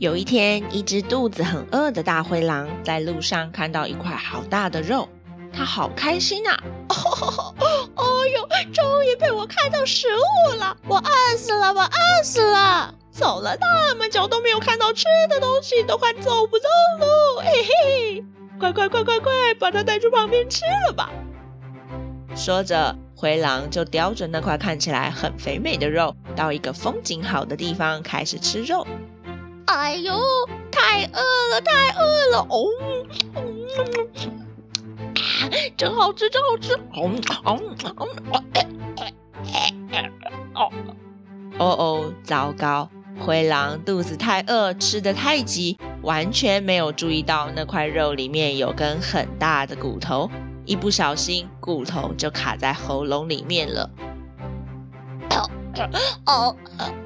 有一天，一只肚子很餓的大灰狼在路上看到一塊好大的肉，它好開心啊哦！哦呦，終於被我看到食物了！我餓死了，我餓死了！走了那麼久都沒有看到吃的東西，都快走不動路了！嘿嘿嘿，快快快快快，把它帶去旁邊吃了吧！說着，灰狼就叼着那塊看起來很肥美的肉，到一個風景好的地方開始吃肉。哎呦，太餓了，太餓了！哦、嗯嗯嗯啊，真好吃，真好吃！哦哦哦哦哦哦！糟糕，灰狼肚子太餓，吃的太急，完全沒有注意到那塊肉裡面有根很大的骨頭，一不小心骨頭就卡在喉嚨裡面了哦。哦，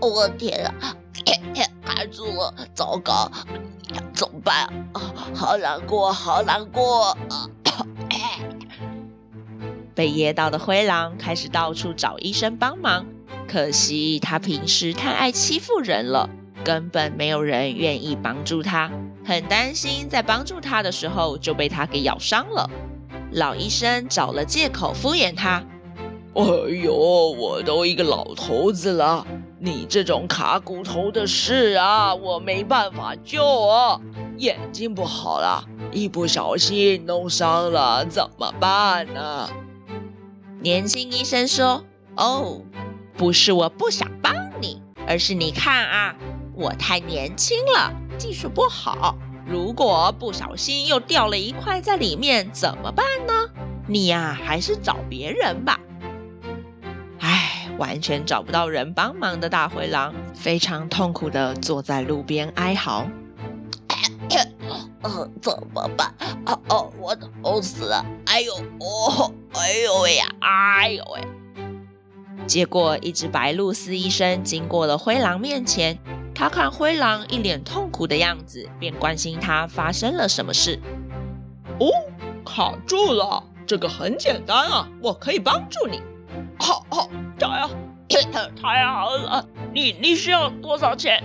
我天啊！咳咳卡住了，糟糕，怎麼辦？好難過，好難過！ 被噎到的灰狼開始到處找醫生幫忙，可惜他平時太愛欺負人了，根本沒有人願意幫助他。很擔心在幫助他的時候就被他給咬傷了。老醫生找了借口敷衍他：“哎呦，我都一個老頭子了。”你這種卡骨頭的事啊，我沒辦法救哦！眼睛不好了，一不小心弄傷了怎麼辦呢？年輕醫生說：“哦，不是我不想幫你，而是你看啊，我太年輕了，技術不好。如果不小心又掉了一塊在裡面，怎麼辦呢？你呀，還是找別人吧。”完全找不到人幫忙的大灰狼，非常痛苦的坐在路邊哀嚎、， 呃：“怎麼辦？哦哦，我疼死了！哎呦，哦，哎呦喂呀，哎呦喂！”結果，一隻白鷺鷥醫生經過了灰狼面前，他看灰狼一臉痛苦的樣子，便關心他發生了什麼事。“哦，卡住了，這個很簡單啊，我可以幫助你。”好，好，加油！太好了！你你需要多少錢，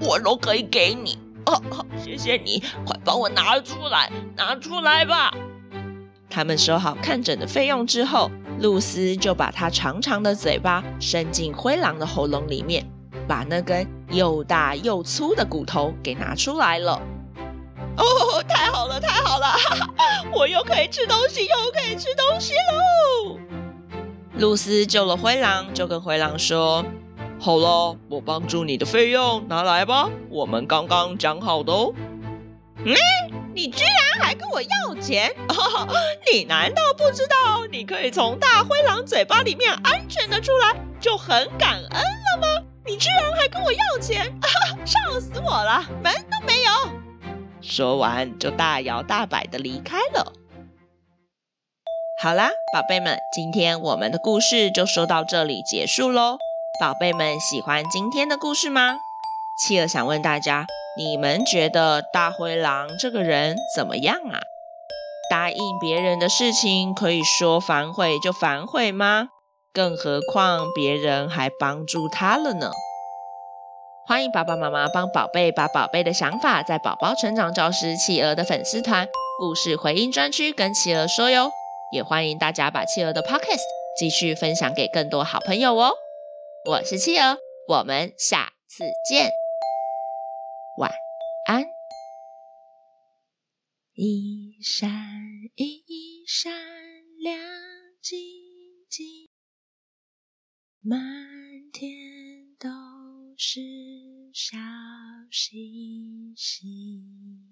我都可以給你。好，謝謝你，快幫我拿出來，拿出來吧。他們收好看診的費用之後，鷺鷥就把他長長的嘴巴伸進灰狼的喉嚨裡面，把那根又大又粗的骨頭給拿出來了。哦，太好了，太好了哈哈，我又可以吃東西，又可以吃東西嘍！鷺鷥救了灰狼，就跟灰狼說：“好了，我幫助你的費用拿來吧，我們剛剛講好的哦。”“咩、嗯？你居然還跟我要錢、哦？你難道不知道你可以從大灰狼嘴巴裡面安全的出來就很感恩了嗎？你居然還跟我要錢？哈、啊、哈，笑死我了，門都沒有！”說完，就大搖大擺的離開了。好啦，寶貝們，今天我們的故事就說到這裡結束嘍。寶貝們喜歡今天的故事嗎？企鵝想問大家，你們覺得大灰狼這個人怎麼樣啊？答應別人的事情可以說反悔就反悔嗎？更何況別人還幫助他了呢？歡迎爸爸媽媽幫寶貝把寶貝的想法在寶寶成長教室企鵝的粉絲團故事回應專區跟企鵝說喲。也歡迎大家把《企鵝的 Podcast》繼續分享給更多好朋友哦！我是企鵝，我們下次見，晚安。一閃一閃亮晶晶，滿天都是小星星。